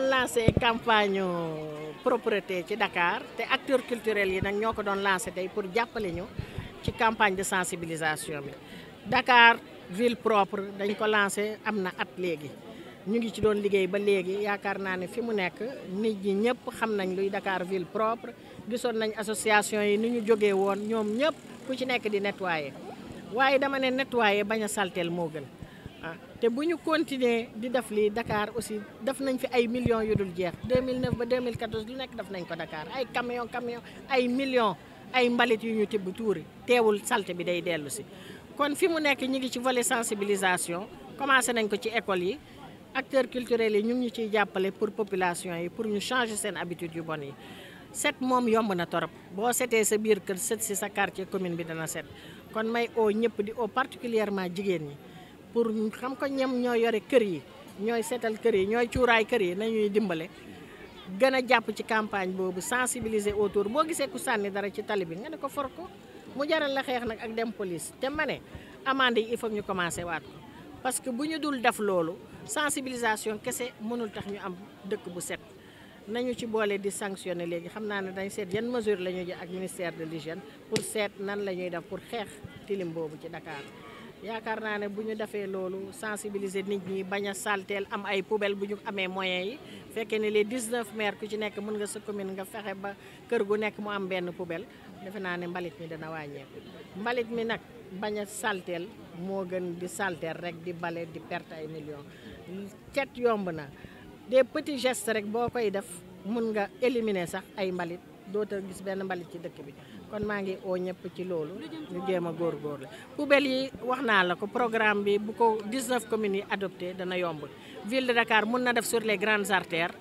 doon lancé campagne propreté ci dakaar te acteurs culturels yi nag ñoo ko doon lancé tey pour jàppale ñu ci campagne de sensibilisation bi dakaar ville propre dañ ko lancé am na at léegi ñu ngi ci doon liggéey ba léegi yaakaar naa ne fi mu nekk nit ñi ñëpp xam nañ luy Dakar ville propre gisoon nañ association yi ni ñu jógee woon ñoom ñëpp ku ci nekk di nettoyer waaye dama ne nettoyer bañ a salteel moo gën ah te bu ñu continuer di def lii dakaar aussi def nañ fi ay millions yu dul jeex 2009 ba mill 2014 lu nekk def nañ ko Dakar ay camion camion ay millions ay mbalit yu ñu tibb tuuri teewul salte bi day dellusi kon fi mu nekk ñu ngi ci volet sensibilisation commencé nañ ko ci école yi acteurs culturels yi ñu ñu ciy jàppale pour population yi pour ñu changer seen habitude yu bon yi set moom yomb na torop boo setee sa biir kër set si sa quartier commune bi dana set kon may oo ñëpp di oo particulièrement jigéen ñi pour xam ko ñem ñoo yore kër yi ñooy seetal kër yi ñooy cuuraay kër yi nañuy dimbale gën a jàpp ci campagne boobu sensibiliser autour boo gisee ku sànni dara ci tali bi nga ne ko for ko mu jaral la xeex nag ak dem police te ma ne amande yi il faut ñu commencé waat ko parce que bu ñu dul def loolu sensibilisation kese mënul tax ñu am dëkk bu set nañu ci boole di sanctionner léegi xam naa ne dañ seet yan mesure la ñuy jël ak ministère de l'hygiène pour seet nan la ñuy def pour xeex tilim boobu ci Dakar yaakaar naa ne bu ñu defee loolu sensibiliser nit ñi bañ a salteel am ay poubelle bu ñu amee moyens yi fekkee ne les 19 maires ku ci nekk mën nga sa commune nga fexe ba kër gu nekk mu am benn poubelle defe naa ne mbalit mi dana wàññeeku mbalit mi nag bañ a salteel moo gën di salteel rek di bale di perte ay millions cet yomb na des petits gest rek boo koy def mun nga éliminer sax ay mbalit dootoo gis benn mbalit ci dëkk bi kon maa ngi oo ñëpp ci loolu ñu jéem a la poubelle yi wax naa la ko programme bi bu ko 19 communes yi adopte dana yomb ville de Dakar mun na def sur les grandes artères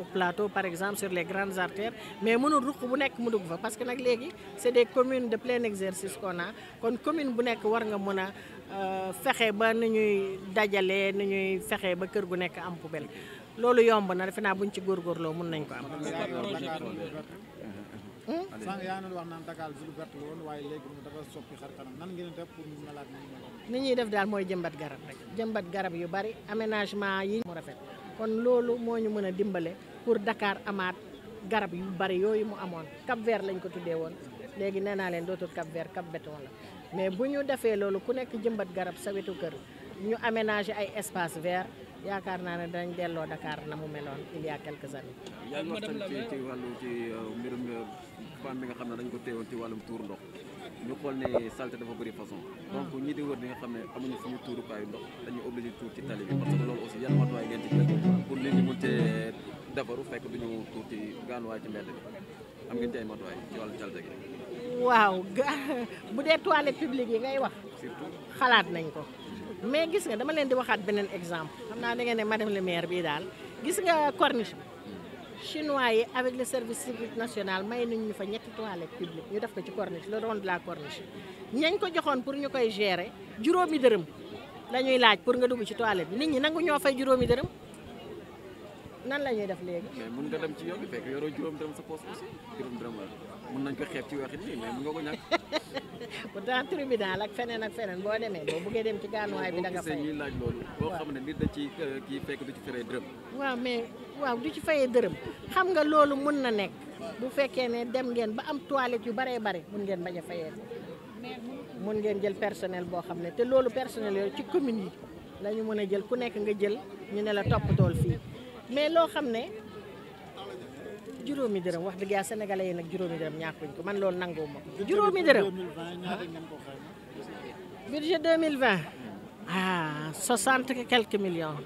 au plateau par exemple sur les grandes artères mais mënul ruq bu nekk mu dugg fa parce que nag léegi c'est des commune de plein exercice qu'on a kon commune bu nekk war nga mën a euh, fexe ba nu ñuy dajale ni ñuy fexe ba kër gu nekk am poubelle loolu yomb na defe naa buñ ci góorgóorloo mun nañ ko am. Hmm? sànq yaa ngi wax naan Dakar du lu verte woon waaye léegi dafa soppi ni ñuy def daal mooy jëmbat garab rek jëmbat garab yu bari aménagement yi mu rafet kon loolu moo ñu mën a dimbale pour dakaar amaat garab yu bari yooyu mu amoon Cap Vert lañ ko tuddee woon léegi nee naa leen dootul Cap Vert Cap Béton la mais bu ñu defee loolu ku nekk jëmbat garab sa wetu kër ñu aménager ay espace vert yaakaar naa ne dañ delloo Dakar na mu meloon il y a quelques années. yaa ngi waxtaan ci ci wàllu ci euh, mbirum euh, bi nga xam ne dañ ko téewoon ci wàllum tuur ndox ñu xool ne saleté dafa bëri façon. donc ñi di wër nga xam ne amuñu suñu tuurukaayu ndox dañuy obligé tuur ci tali bi parce que loolu aussi yan matuwaay ngeen ci jël pour nit ñi mën cee dabaru fekk duñu tuur ci gaanuwaay ci mbedd bi am ngeen ci ay matuwaay ci wàllu saleté gi. waaw bu dee toilette publique yi ngay wax. surtout xalaat nañ ko. mais gis nga dama leen di waxaat beneen exemple xam naa ne madame le maire bii daal gis nga corniche bi chinois yi avec le service civique national may nañ ñu fa ñetti toilette publique ñu def ko ci corniche la doon de la corniche ñañ ko joxoon pour ñu koy gérer juróomi dërëm la ñuy laaj pour nga dugg ci toilette bi nit ñi nangu ñoo fay juróomi dërëm nan la ñuy def léegi. mais mun nga dem ci yoon bi fekk yoroo juróom dërëm sa poche aussi juróom dërëm mun nañ ko xeeb ci waxit pourtant tribunal ak feneen ak feneen boo demee boo buggee dem ci gànnuwaay bi da nga fay ñuy laaj loolu boo xam ne nit da ci euh, kii fekk du ci fayee dërëm waaw mais waaw du ci fayee dërëm xam nga loolu mun na nekk bu fekkee ne dem ngeen ba am toilette yu baree bare mun ngeen bañ a fayee mun ngeen jël personnel boo xam ne te loolu personnel yooyu ci commune yi la ñu mën a jël ku nekk nga jël ñu ne la toppatool fii mais loo xam ne juróomi dërëm wax dëgg yàlla sénégalais yi nag juróomi dërëm ñàkkuñ ko man loolu nangoo ma ko juróomi dërëm budget 2020 ah 60 et quelques millions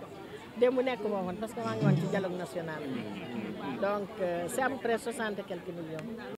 démb nekk moo woon parce que maa ngi woon ci dialogue national donc euh, c'est à peu près 60 et quelques